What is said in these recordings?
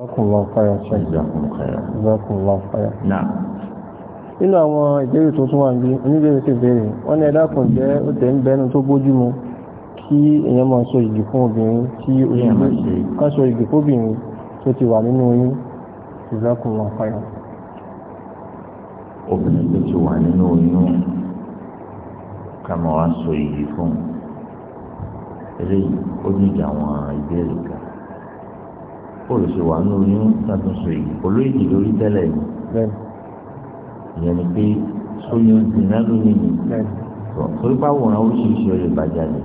nínú àwọn ìbéèrè tó tún wà ní oníbéèrè sí ìbéèrè wọ́n ní ẹ̀dàkùn jẹ́ ó tẹ̀ ń bẹnu tó bójú mu kí èèyàn máa sọ ìgì fún obìnrin tí ó sọ ìgì fóbìnrin tó ti wà nínú oyún ìzákùn wọn fàyà obìnrin tó ti wà nínú oyún ká máa wá sọ ìgì fún eléyìí ó ní ìjà àwọn ìbéèrè kan bóòlù ṣe wà ní oyún ṣàtúnṣe yìí olóyìnbí lórí tẹ́lẹ̀ yìí ìyẹn ni pé sóyún dìnnà lónìí ni torí bá wòran oríṣiríṣi ọ̀rẹ́ ìbàjẹ́ ni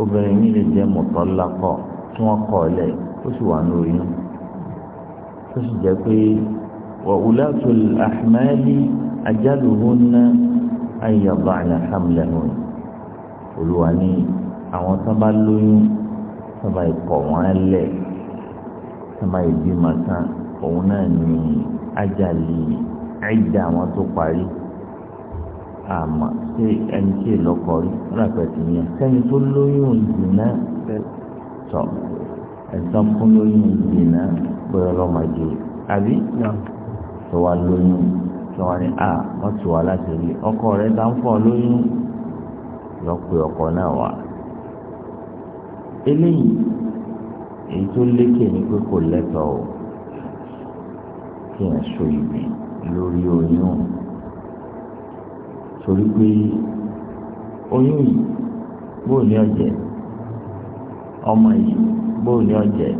obìnrin mi lè jẹ́ mọ̀tọ́lákọ̀ tí wọ́n kọ̀ ọ́ lẹ̀ ó sì wà ní oyún ó sì jẹ́ pé wàhùlátù àhìmáàlì ajálùhùnà ayàbá àyàhàmlẹ̀hùn olùwà ni àwọn tó bá lóyún tó bá ikọ̀ wọn lẹ̀ sábà ìbímọ tán òun náà ní ajáli ẹ̀dá àwọn tó parí àmọ́ ṣé ẹni tí ìlọ́kọ rí rápẹ̀tì yẹn sẹ́ni tó lóyún ìdìnnà tọ̀ ẹ̀sán fún lóyún ìdìnnà bóyá ọlọ́mọdé àbí tó wá lóyún tó wá ní à wọ́n tù wá láti rí ọkọ rẹ̀ tá ń fọ́ lóyún lọ́pẹ́ ọkọ náà wá eléyìí èyí tó lékè ní pé kò lẹ́tọ̀ o kí n so ìbí lórí oyún torí pé oyún yìí bóò ní ọ̀jẹ̀ ọmọ yìí bóò ní ọ̀jẹ̀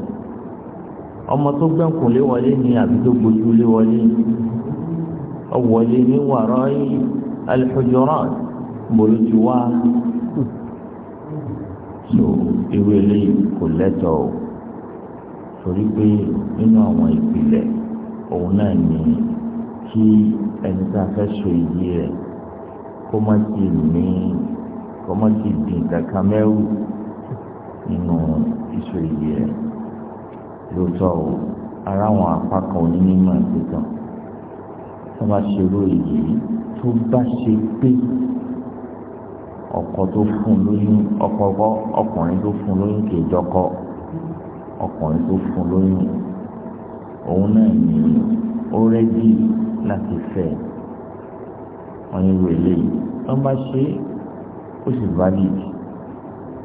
ọmọ tó gbẹ̀kùn lé wọlé ni àbí tó gbojú lé wọlé ọwọlé ní wàrọ̀ yìí al-hujurat bolo ti wá so ewé lè kò lẹ́tọ̀ torí pé nínú àwọn ìpìlẹ̀ òun náà ni kí ẹni tá a fẹ́ so iyì rẹ̀ kó má ti ní kó má ti di nǹkan kan mẹ́rù nínú ìso iyì rẹ̀ lóòótọ́ o ara àwọn apá kan onímọ̀ ìgbìtàn tó bá ṣerú èyí tó bá ṣe pé ọkọ tó fún lóyún ọkọ ọkùnrin tó fún lóyún kì í dọ́kọ ọkùnrin tó fún lóyún òun náà ní ó rẹ́dí láti fẹ́ wọn ní ìwé eléyìí wọn bá ṣe ó sì valid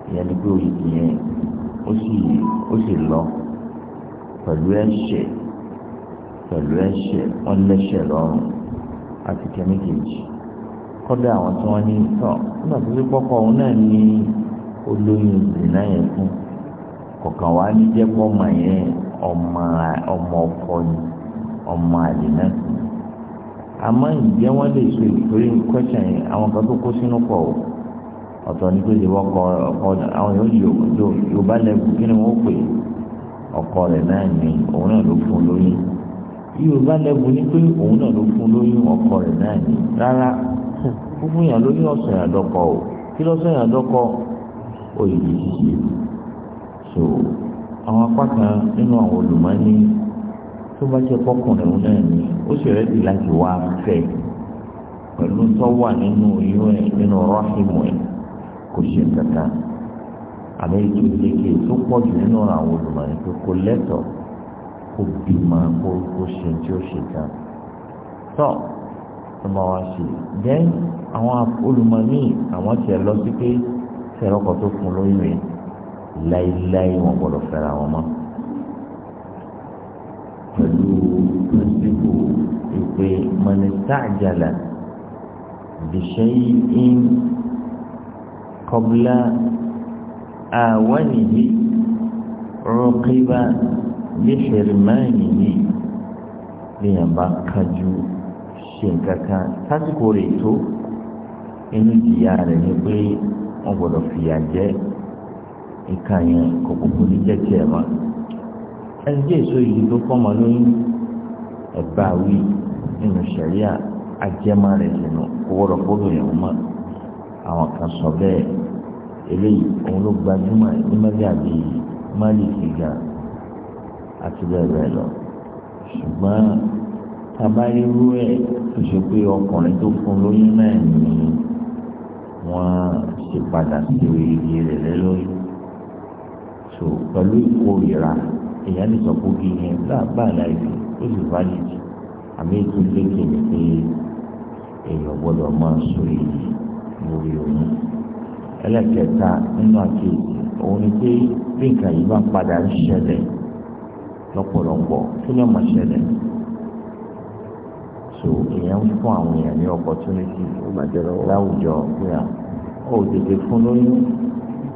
ìyẹn ni pé òyìnbó yẹn ó sì ó sì lọ pẹ̀lú ẹ̀ṣẹ̀ pẹ̀lú ẹ̀ṣẹ̀ wọn lẹ́ṣẹ̀ lọ́rùn àti kẹ́míkèjì kọ́dà àwọn tí wọ́n ní tán nígbà tó ti pọ́kọ òun náà ní olóyún ìrìnà yẹn fún un kọ̀ọ̀kan wá ní jẹ́ kọ́ ọmọ yẹn ọmọ ọkọ ni ọmọ àlè náà sì ni àmọ́ lè so ìtòrí question yẹn àwọn kan tó kó sínú pọ̀ o ọ̀tọ̀ ní pé ìwọ kọ ọkọ àwọn yóò yọ yorùbá lẹ́kùn kí ni wọ́n pè ọkọ rẹ̀ náà ni òun náà ló fún lóyún yorùbá lẹ́kùn ní pé òun náà ló fún lóyún ọkọ rẹ̀ náà ni rárá fúnfún yàn lóyún ọ̀sán yàn dọ́kọ o kí lọ́sán yàn dọ́kọ òyìnbó ṣiṣẹ́ so àwọn apá kan nínú àwọn olùmọ́ni tó bá jẹ́ pọ́kùnrin òun náà ni ó sì rẹ́dì láti wá fẹ́ pẹ̀lú tó wà nínú oyún ẹ̀ nínú rọ́ọ̀hìmù ẹ̀ kò ṣe kankan àmì ètò ìleke tó pọ̀ jù nínú àwọn olùmọ̀ọ́ni pé kò lẹ́tọ̀ kó bímọ kó kó ṣe tí ó ṣe kan tọ́ tó máa wá sí i then àwọn olùmọ̀ọ́ni àwọn tiẹ̀ lọ sí pé fẹ́rọ̀kọ̀ tó fún lóyún yìí láéláé wọn gbọ́dọ̀ fẹ́ra wọn mọ́ pẹ̀lú pírísìpù ìpè mọ̀nìtàjàlá bìṣẹ́yìn kọ́bílá àwọnìyí rọ́kíbá bíṣẹ̀rìmánìyí lèèyàn bá kájú ṣe nǹkan kan sásìkò rẹ̀ tó inú ìjìyà rẹ̀ ni pé wọ́n gbọ́dọ̀ fìyà jẹ ìka yẹn kò kúkú ní jẹ́ tiẹ̀ mọ́ ẹni tí èso yìí tó fọ́mọ lóyún ẹ̀bá wí nínú sẹ̀ríà ajẹ́mọ́ rẹ̀ sínú kó wọ́rọ̀ fọ́dọ̀ yẹn mọ́ àwọn kan sọ bẹ́ẹ̀ eléyìí òun ló gbajúmọ̀ ní mẹ́gàdì máàlìkì ga àti bẹ́ẹ̀ bẹ́ẹ̀ lọ ṣùgbọ́n tabaríru ẹ̀ tó pé ọkùnrin tó fún lóyún náà ni wọ́n ṣe padà sí oríire rẹ̀ lóyún. tó pẹ̀lú ìkórìíra èèyàn lè sọ pé kí yẹn láàbà láìsí ó sì válìdì àmì ètò ìlékè pé èèyàn gbọ́dọ̀ máa sọ èyí lórí ẹlẹ́kẹta nínú àkéèké òun ni pé bí nǹkan yìí bá padà ń ṣẹlẹ̀ lọ́pọ̀lọpọ̀ kí ni ọmọ ṣẹlẹ̀ so èèyàn ń fún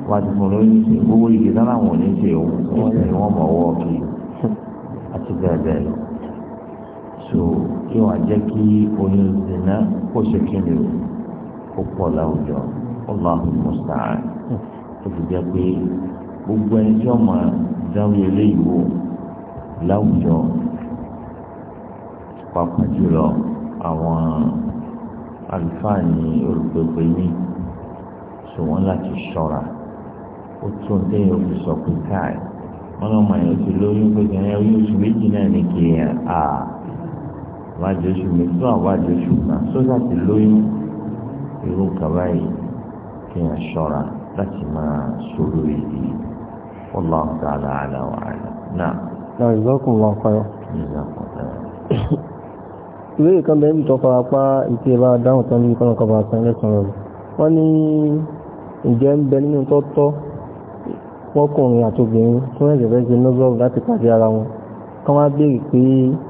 wọ́n ti fún lóyún ṣe gbogbo igi tán láwọn ò ní ṣe o wọ́n ní wọ́n mọ̀ ọwọ́ kí àti bẹ́ẹ̀ bẹ́ẹ̀ lọ. so kí wọ́n jẹ́ kí oyún ìdènà kó ṣe kí ni o kó pọ̀ láwùjọ Allahu musta'an ó ti jẹ́ pé gbogbo ẹni tí wọ́n máa dáwọ́ eléyìí wò láwùjọ pàápàá jùlọ àwọn àlùfáà ní olùgbègbè ní sọ wọn láti ṣọ́ra ó tún téèyàn fi sọ pé káì wọn lọ mọ àyàn ti lóyún pé kí ẹyàn oṣù méjì náà ní kí ẹyàn à wájú oṣù méjì tó àwájú oṣù kan sójà ti lóyún irú kaba yìí kí ẹyàn ṣọ́ra láti máa sọ̀rọ̀ èyí Wallahu ta'ala ala wa ala náà. náà ìzọ́kùn lọ fọyọ́. ìzọ́kùn lọ fọyọ́. ìwé ìkan bẹ́ẹ̀ ń tọ́ fara pa ìpè bá dáhùn tán ní ìkọ́nà kọba àtàn lẹ́sàn wọ́kùnrin àtòbìnrin tó rẹ̀jẹ̀ fẹ́ ṣe nọ́gọ́rù láti pàdé ara wọn kán wá béèrè pé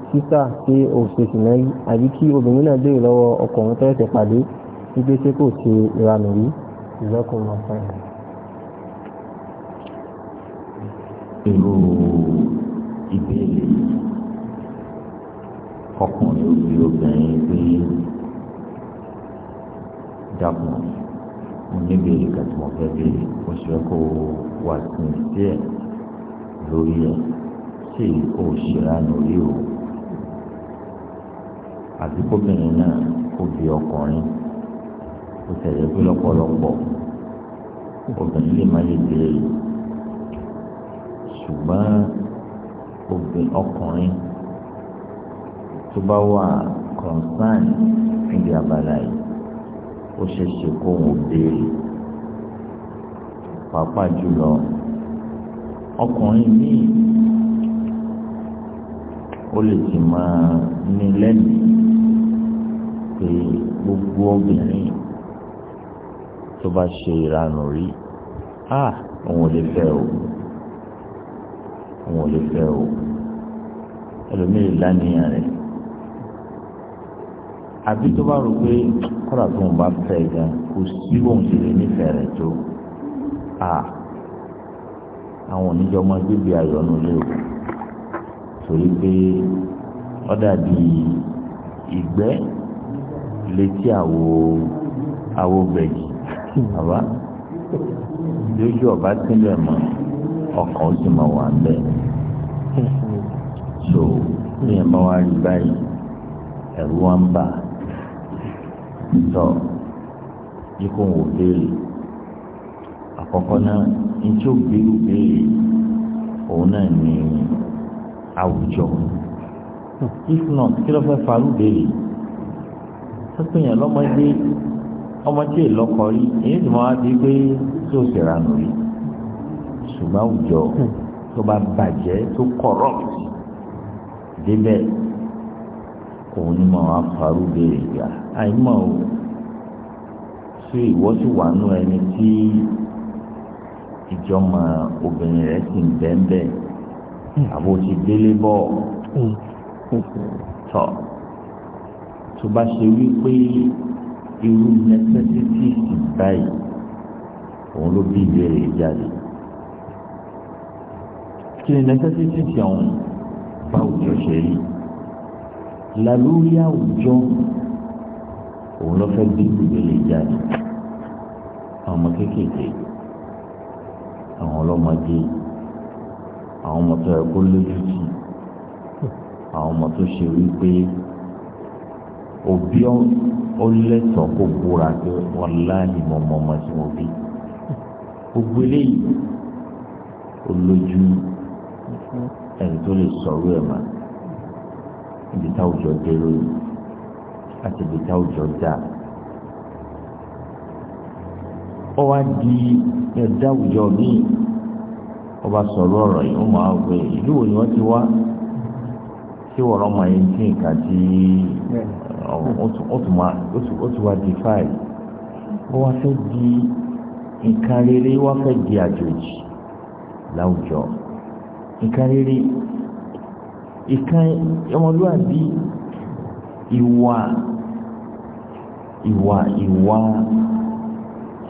sísà ṣé òṣèṣì náà rí àbí kí obìnrin náà béèrè lọ́wọ́ ọkùnrin tó rẹ̀jẹ̀ pàdé wípé ṣé kò ṣe ìranù rí ìlọ́kùnrin ọ̀sán yìí. irú ìbéèrè ọkùnrin òbí obìnrin pé dàpọ̀ mo níbi ìkàtúmọ̀ fẹ́ bí oṣù ẹ̀kọ́ wà sincere lórí ẹ̀ tí ò ṣera lórí o àti kóbìnrin náà kó bí ọkùnrin ó tẹ̀lé pé lọ́pọ̀lọpọ̀ obìnrin lè má lè béèrè ṣùgbọ́n obìnrin ọkùnrin tó bá wà concern níbi abala yìí ó ṣeé ṣe kó òun béèrè pàápàá jùlọ ọkùnrin míì ó lè ti máa ní lẹ́nu pé gbogbo obìnrin tó bá ṣe ìranù rí à òun ò lè fẹ́ o òun ò lè fẹ́ o ẹlòmíì lánìyàn rẹ̀ àbí tó bá rò pé kọ́ra tó ń bá fẹ́ gan kò sí bóun ti lè nífẹ̀ẹ́ rẹ̀ tó à àwọn oníjọ ọmọ gbígbé ayọ̀ nù lé o torí pé ó dàbí ìgbẹ́ létí àwo àwo gbẹ̀gì bàbá lójú ọba tílẹ̀ mọ́ ọkàn ó sì máa wà bẹ́ẹ̀ so ní ẹ̀ máa wá rí báyìí ẹ̀rù wọn bà tọ́ yìí kò wò béèrè àkọ́kọ́ náà ní tí ó gbèrú béèrè òun náà ní àwùjọ if not kí ló fẹ́ farú béèrè pípín yẹn lọ́mọdé ọmọdé lọ́kọ rí èyí tí mo wá di pé tí ó sì ranù rí ṣùgbọ́n àwùjọ tó bá bàjẹ́ tó corrupt débẹ̀ òun ni mo wá farú béèrè gbà àìmọ̀ o ṣé ìwọ sì wà nù ẹni tí ìjọmọ obìnrin rẹ̀ sì ń bẹ́ẹ̀nbẹ́ àbò ti délé bọ̀ hmm. tọ̀ tó bá ṣe wípé irú necessities báyìí òun ló bí ìbéèrè jáde kí ni necessities ọ̀hún báwo jọ ṣe rí lálórí àwùjọ òun ló fẹ́ bí ìbéèrè jáde ọmọ kéékèèké àwọn ọlọ́mọdé àwọn ọmọ tó yẹ kó lójútì àwọn ọmọ tó ṣe wípé òbí ó lẹ́tọ̀ọ́ kó búra pé wọ́n láàyè mọ̀mọ́ ọmọ tí wọ́n bí gbogbo eléyìí ó lójú ẹni tó lè sọ̀rọ̀ ẹ̀ mà ibi táwùjọ dé lónìí àti ibi táwùjọ dáa ó wá di ẹ̀dá àwùjọ míì ọba sọ̀rọ̀ ọ̀rọ̀ yìí ó máa wẹ ìlú wo ni wọ́n ti wá tí wọ́n rọ́ máa yẹn tí nǹkan ti ó ti wá di fáìlì ó wá fẹ́ di nǹkan rere wá fẹ́ di àjòjì láwùjọ nǹkan rere ìkan ọmọlúwàbí ìwà ìwà ìwà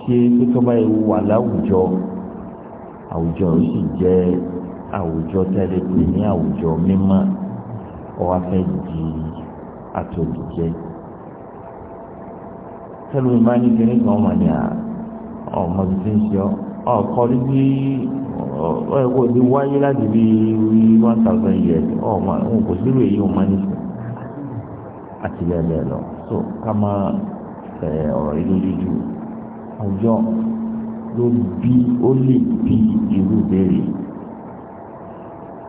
ṣe pé tó bá ewu wà láwùjọ àwùjọ ó sì jẹ́ àwùjọ tẹ́lẹ̀ pé ní àwùjọ mímọ́ ọwá fẹ́ di àtòlùjẹ́ tẹ́lẹ̀ mi máa ní kí nígbà ọmọ ni ọmọ mi ti ń ṣe ọkọ rí bí ọkọ ti wáyé láti bí one thousand years ọmọ òun kò sí ìròyìn ọmọ ní sùn àti bẹ́ẹ̀ bẹ́ẹ̀ lọ so ká máa ọ̀rọ̀ yìí lójú àwùjọ ló bí ó lè bí irú ìbéèrè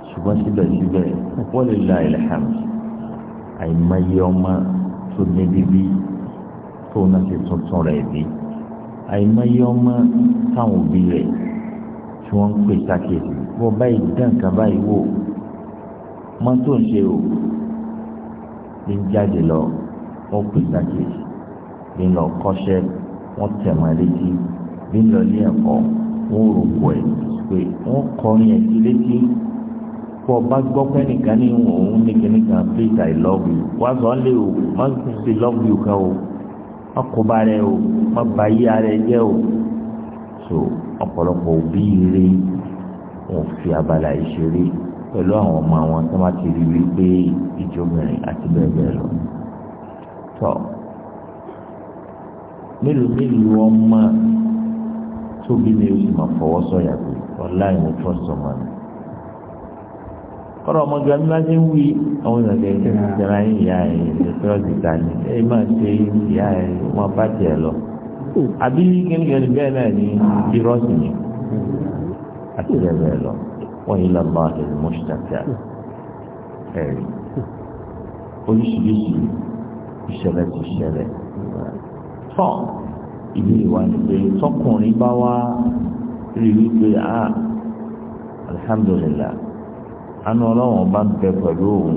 ṣùgbọ́n síbẹ̀síbẹ̀ wọ́n lè la ilhamd àìmọye ọmọ tó ní bíbí tó náà ṣe tuntun rẹ̀ bí àìmọye ọmọ táwọn òbí rẹ̀ tí wọ́n ń pè sákèsì wọ́n báyìí dán kan báyìí wò mọ́ tó ń ṣe o ní jáde lọ wọ́n pè sákèsì ní lọ kọ́ṣẹ́ wọ́n tẹ̀ máa létí lílọ ní ẹ̀kọ́ wọ́n rò pọ̀ ẹ̀ pé wọ́n kọ́ yẹn sí létí kó o bá gbọ́ pé nìkan ní òun ní kíní please i love you wá sọ lé o má sì love you kan o má kó bá rẹ o má bá yí ara ẹ jẹ́ o so ọ̀pọ̀lọpọ̀ òbí rẹ wọn fi abala ìṣeré pẹ̀lú àwọn ọmọ àwọn tó má ti rí wípé ìjọba àti bẹ́ẹ̀ bẹ́ẹ̀ lọ mélòó mélòó ọmọ tóbi ni o sì máa fọwọ́ sọ̀yà pé ọláì mo tọ́ sọmọ ni. kọ́lọ̀ ọmọdé wọn bá ṣe ń wí àwọn ìrọ̀lẹ́ ìjọba yín ìyá ẹ̀ lẹ́tọ́ ìta ni ẹ máa ṣe ìyá ẹ̀ wọn bá tiẹ̀ lọ. àbí kíníkẹ́ni bẹ́ẹ̀ náà ni bírọ́ọ̀sì ni àti bẹ́ẹ̀ bẹ́ẹ̀ lọ wọ́n yìí lọ́mọ ẹ̀rù mọ́ṣítàkà ẹ̀rù oríṣiríṣi ìṣẹ̀lẹ̀ ti ṣẹlẹ̀ tọ́ ìlú ìwà nígbè tọkùnrin bá wá rí wípé a ah, alihamdulilayi anu ọlọ́wọ́n bá ń bẹ pẹ̀lú òun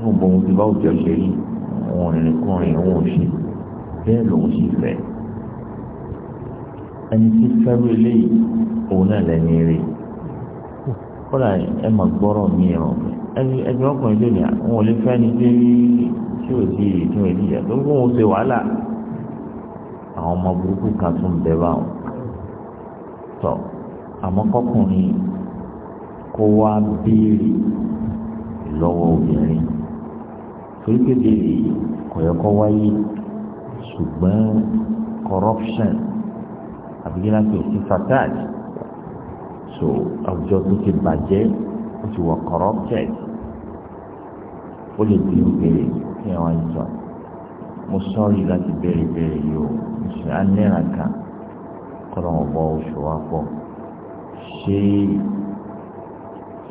fún bóun ti bá òjò ṣe yìí òun rìnrìn kùnrin òun ṣe bẹ́ẹ̀ lòun sì fẹ́ ẹni tí fẹ́rù eléyìí òun náà lẹ́ni rí kódà ẹ mà gbọ́rọ̀ mìíràn ẹni ẹni ọkùnrin lónìí àwọn ò lè fẹ́ ni dé tí ò sí tí ò sí yàtọ̀ fún òun ṣe wàhálà àwọn ọmọ burúkú kan tún bẹ báwọn tọ àmọ́ kọkùnrin kó wá béèrè lọ́wọ́ obìnrin torí pé béèrè kò yẹ kó wáyé ṣùgbọ́n corruption àbíkínà kò sí fatag so àwùjọ tó ti bàjẹ́ ó ti wà corrupted ó lè bí obìnrin kí ẹ wá ń sọ mo sọ́ọ̀rì láti béèrè béèrè yìí o ṣe á náírà kan kọ́lọ̀ wọn bọ́ oṣù wa pọ̀ ṣé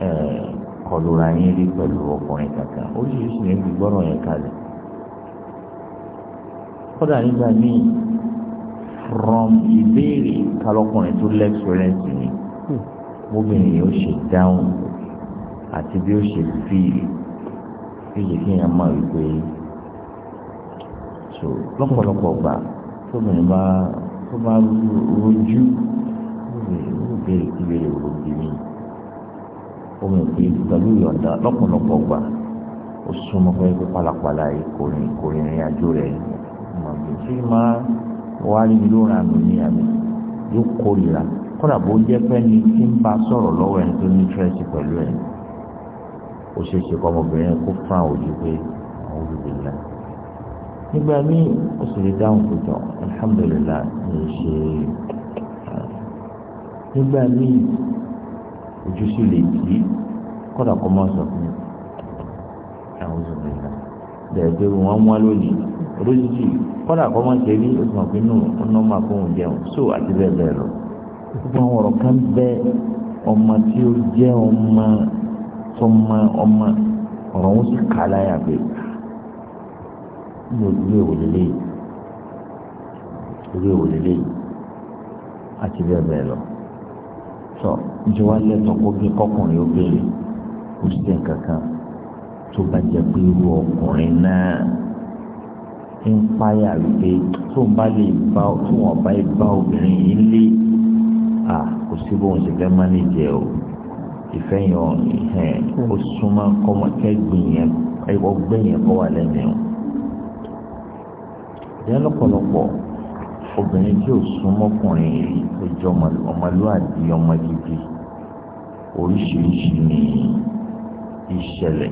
ẹ̀ kọlùra yín rí pẹ̀lú ọkùnrin kankan oríṣiríṣi ní gbígbọ́rọ̀ yẹn kalẹ̀ kódà nígbà míì from ìbéèrè kálọ́kùnrin tó lẹ́kṣọ́rẹ́ǹsì ni mọ́bìnrin hmm. yóò ṣe dáhùn àti bí ó ṣe fi ìyè kí èèyàn máa wípé so lọ́pọ̀lọpọ̀ gbà tó mìíràn bá tó bá rojú ó béèrè kí béèrè òròbí mi omi òkè pẹ̀lú ìyọ̀ǹda lọ́pọ̀lọpọ̀ gbà ó súnmọ́ pé pálapàla yìí kò rìn kò rìn ìrìn àjò rẹ̀ mọ̀ bí tí máa wá rí mi ló ra mi ní àmì yóò kórìíra kódà bó jẹ́ pé ni tí ń bá sọ̀rọ̀ lọ́wọ́ ẹni tó ní tírẹ́sì pẹ̀lú ẹ̀ ó ṣeé ṣe kọ́ ọmọbìnrin kó fún àwọn ojú pé àwọn olùdíje náà nígbà míì ó sì lè dáhùn pé tán alhamdulilah ní í ṣe nígbà míì ojú sì lè kí kọ́dà kọ́ máa sọ fún mi àwọn oṣù lè bẹ̀rẹ̀ pé wọ́n mú lónìí oríṣiríṣi kọ́dà kọ́ máa ṣe rí oṣù mọ̀ nù ọ̀nà máa fóun jẹun so àti bẹ́ẹ̀ bẹ́ẹ̀ lọ. gbogbo àwọn ọ̀rọ̀ kan bẹ ọmọ tí ó jẹ́ ọmọ tọmọ ọmọ ọ̀rọ̀ wọn sì kà láyà pé irú èwò lélẹ́yìí irú èwò lélẹ́yìí àti bẹ́ẹ̀ bẹ́ẹ̀ lọ sọ ìjọ wa lẹ́tọ̀ọ́ kó bí kọkùnrin ó béèrè kó sì tẹ̀ kankan tó bá jẹ́ pé irú ọkùnrin náà ń páyà wípé tó ń bá lè bá tó wọn bá lè bá obìnrin yìí lé à kò sí bóun ṣe fẹ́ má lè jẹ o ìfẹ́ yẹn ó súnmọ́ kọ́mọ kẹ́gbìn yẹn ọgbẹ́ yẹn kọ́ wà lẹ́nu o ìyẹn lọ́pọ̀lọpọ̀ obìnrin tí ò súnmọ́kùnrin yìí ó jẹ́ ọmọlúwàbí ọmọ gidi oríṣiríṣi ní ìṣẹ̀lẹ̀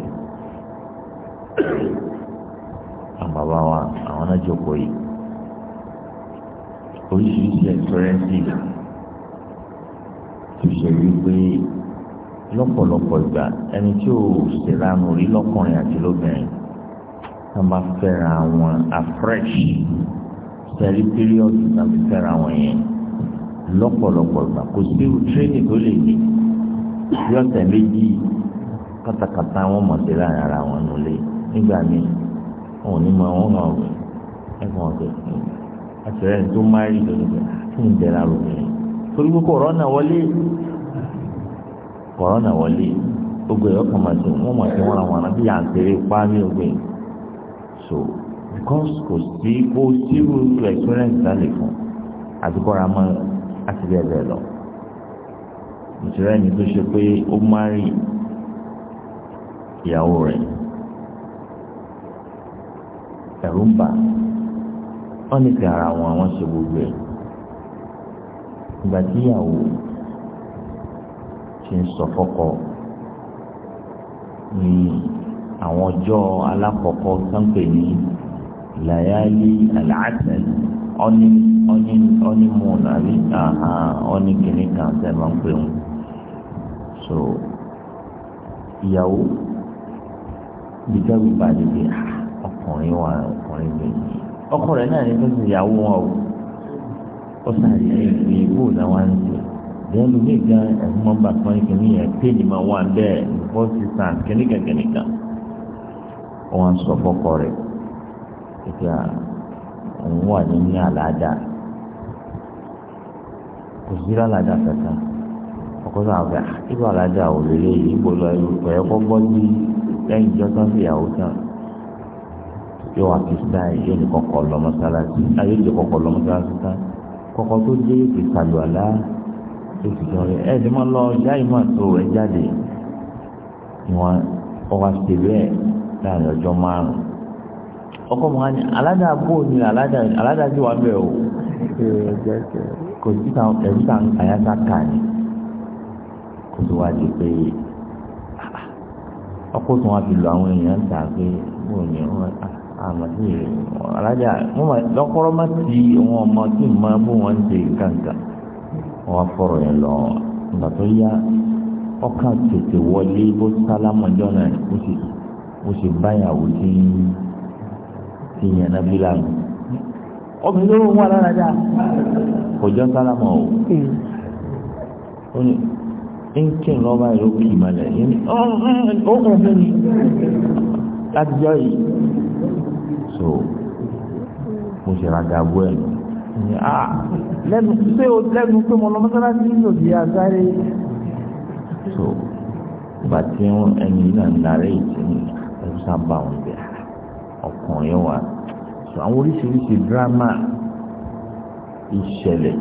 àbàbà wa àwọn náà jókòó yìí oríṣiríṣi ẹ̀tọ́rẹ́sì tó ṣe wípé lọ́pọ̀lọpọ̀ ìgbà ẹni tí ò ṣèlànà orí lọ́kùnrin àti lóbìnrin a bá fẹ́ra wọn afresh sẹ́rí píríọ̀dù tó bá fẹ́ra wọn yẹn lọ́pọ̀lọpọ̀ gbà kò sí tírénì tó lè ní bí ọ̀sẹ̀ méjì kátàkátà wọn mọ̀ sí láàrin ara wọn nulẹ̀ nígbà míì wọn ò ní mọ wọn mọ ọ̀gbìn ẹ̀fọn ọ̀gbìn àtẹ̀rẹ́ tó máa rí lónìí fún ah, ìdẹ́ra lóbìnrin torí pé kòrónà wọlé kòrónà wọlé gbogbo ẹ̀yọ́ kan máa tó wọn mọ̀ sí wọn àwọn àbí àǹtẹ̀rẹ́ pa mí gbogbo ẹ̀yọ́ so because kò sí kó sírú experience dálé fún àtúbọ̀ra mọ́ àti bẹ́ẹ̀ bẹ́ẹ̀ lọ ìṣẹ̀lẹ̀ ẹni tó ṣe pé ó máa rí ìyàwó rẹ̀ ẹ̀rù ń bà wọ́n ní kí ara wọn àwọn ṣe gbogbo ẹ̀ ìgbà tí ìyàwó ṣe ń sọ fọ́kọ ní àwọn ọjọ́ alákọ̀ọ́kọ́ sánpẹ̀ ní làyálí àlàásẹ̀l ọ́ní ọ́ní ọ́ní múnà rí ọ́ní kìíní kan sẹ́ máa ń pè wọ́n. so ìyàwó bíjọ́ bíbá dìde ọkùnrin wa ọkùnrin méjì ọkùnrin náà ní fẹ́ẹ́ ìyàwó wọn o ó sáré ní ìgbé ibò làwọn ń ṣe lẹ́nu nígbà ẹ̀fọn bàtàn kìíní yẹn pé ní máa wà bẹ́ẹ̀ nǹkan sísan kìíní kan kìíní wọn sọ fọkọ rẹ̀ ètò àwọn wà nínú àlàáda kò sí àlàáda kankan ọkọ náà fẹ ibà àlàáda ò lélẹ̀ yìí kò lọ ìrùkọ ẹ kọkọ bí lẹ́yìn ìjọ tó ń fi ìyàwó tán yóò wá fi sáì yóò ní kọkọ lọ mọ́sálásí ayé ìjọ kọkọ lọ mọ́sálásí tán kọkọ tó dé yóò fi àlá yóò fi jọ mọ lọ jáì mọ tó rẹ jáde ni wọn àti tèlé ẹ láàrin ọjọ́ márùn-ún ọkọ mọ̀ ní aládàá bò ní aládàá aládàá tí wàá bẹ̀ o kò sí ta ẹ̀rú ta àyàtà kà ní kò tó wáá di pé ah, ah. ọkọ tó wáá fi lọ àwọn èèyàn ń ta pé bò ní àmàtí aládàá lọ́kọ́rọ́ má ti wọn ọmọ tí mo bó wọn ṣe gàǹgà wọn wá fọ̀rọ̀ yẹn lọ nígbà tó yá ọkàn tètè wọlé bó sálámù náà ó sì sùn ó sì báyàwó tí tí yẹn náà bí lánàá obìnrin ló ń wá lára dáa kò jọ sálámà o ó ní nkí lọ́ba yìí ó kì í malẹ̀ yìí ó kàn fún mi láti jọ yìí so mo ṣe ra gàbú ẹ̀ ní à ah, lẹ́nu pé o lẹ́nu pé mo lọ mọ́sálásí ní òbí àgbáre so bàtí ẹni náà ń darí ìtìmí ká bá wọn bẹ̀ ọkùnrin wa sọ àwọn oríṣiríṣi dírámà ìṣẹ̀lẹ̀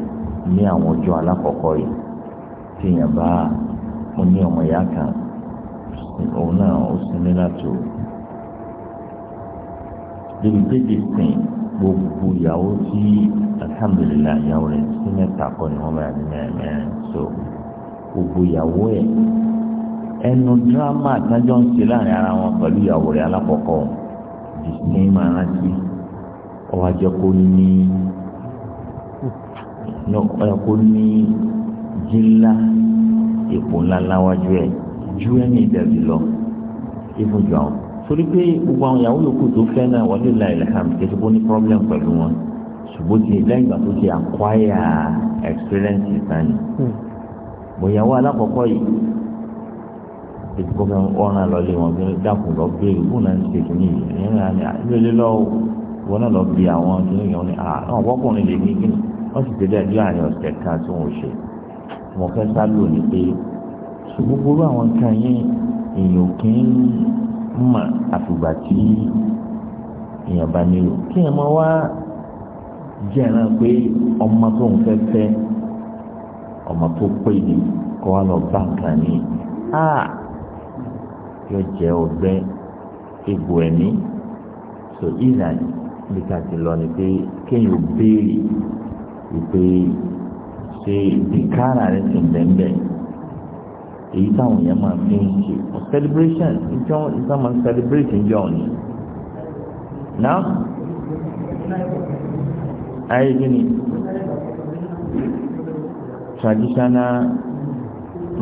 ní àwọn ọjọ́ alákọ̀ọ́kọ́ yìí tíyàn bá mo ní ọmọ ìyá kan òun náà ó sinmi láti o débi péjì sìn gbogbo ìyàwó tí alhamdulilayi ìyàwó rẹ̀ sí mẹ́ta kọ́ ni wọ́n bá yà ní mẹ́rin mẹ́rin so gbogbo ìyàwó ẹ̀ ẹnu dírámà tájọ́ ń ṣe láàrin ara wọn pẹ̀lú ìyàwó rẹ̀ alákọ̀ọ́kọ́ ní máa rántí ọwọ́ àjọ kó ní kó ní jínlá èpò ńlá láwájú ẹ̀ ju ẹni ìdẹ̀bí lọ ìfúnjọ àwọn torí pé gbogbo àwọn ìyàwó yòókù tó fẹ́ náà wọlé la ìlẹ̀kàm kẹsí kó ní problem pẹ̀lú wọn ṣùgbọ́n ti lẹ́yìn ìgbà tó ti acquire experience ìtàn ni hmm. bòyàwó alákọ̀ọ́kọ́ kó fẹ́ ọ̀ràn lọ́lé wọn bí dákun lọ béèrè bóun náà ń ṣe kìíní yìí ẹ̀yìn náà ni àìlélẹ́ lọ́wọ́ wọn náà lọ bí àwọn kìíní yẹn ní àwọn ọkùnrin lè ní kíni wọ́n sì tẹ́lẹ̀ bí àárín ọ̀sẹ̀ kan tí wọ́n ṣe mo fẹ́ sálò ní pé gbogbo àwọn kan yẹn èèyàn kì í mà àfìgbà tí èèyàn bá nílò kí ẹ̀ máa wá jẹ́ ẹ̀ràn pé ọmọ tó ń fẹ́ fẹ́ ọmọ tó pé ni kọ́ wa lọ bá nǹkan ní yóò jẹ́ ọgbẹ́ egbò ẹ̀mí so ìlà bí ká ti lọ ni pé kéèyàn béèrè wípé ṣe ìdíkàrà rẹ ti ń bẹ́ẹ̀ bẹ́ẹ̀ èyí táwọn èèyàn máa fi ń ṣe for celebration ìjọ ìjọ máa ń celebrate ìjọ òní ná ayé gini traditional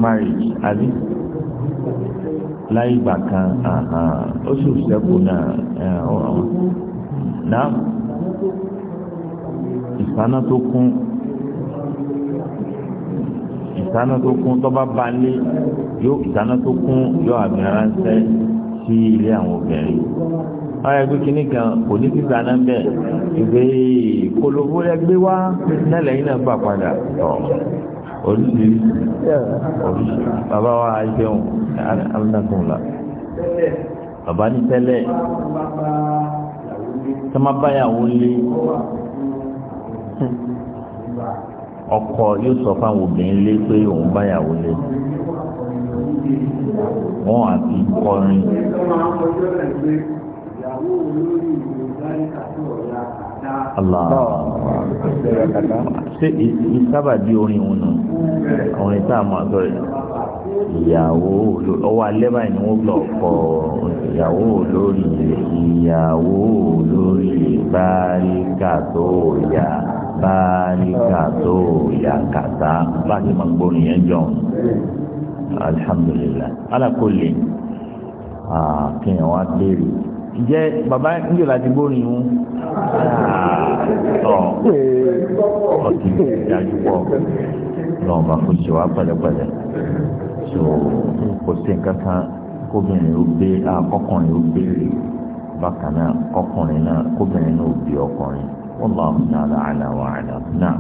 marriage àbí láyé ìgbà kan ó sì sẹ́kù náà náà ìsáná tó kún ìsáná tó kún tọ́ba balẹ̀ yóò ìsáná tó kún yóò àmì aránṣẹ́ sí ilé àwọn obìnrin ọ̀rọ̀ ẹgbẹ́ kínní kan kò ní sísá náà bẹ́ẹ̀ ìgbé kòlòbó ẹgbẹ́ wá nílẹ̀ yìí náà gbà padà tọ̀ oríṣiríṣi oríṣiríṣi bàbá wa ṣeun alhamdulilah bàbá ní tẹ́lẹ̀ tọ́mọ báyàwó lé ọkọ yóò sọ fáwọn obìnrin lé pé òun báyàwó lé wọn àti kọrin. Allah ṣe ìsábàdí orin òun nù orin tá a mọ àtọrẹ ìyàwó ọwọ́ alẹ́ báyìí ni wọ́n lọ kọ ìyàwó lórí ìyàwó lórí báríkà tó yà báríkà tó yà kàtà bá a ti máa gbóni yẹn jọ alhamdulilayi ala kulli ah, kí ni wọn á béèrè. ǹjẹ́ bàbá níjò láti gbórin ìhun tọ ọtí ìdájú pọ̀ lọ́wọ́ bá kó ṣe wá pẹ̀lẹ́pẹ̀lẹ́ so kò sí nǹkan kan kóbìnrin ó gbé akọkùnrin ó na bákan náà kọkùnrin náà kóbìnrin náà ó ọkùnrin bá wọn náà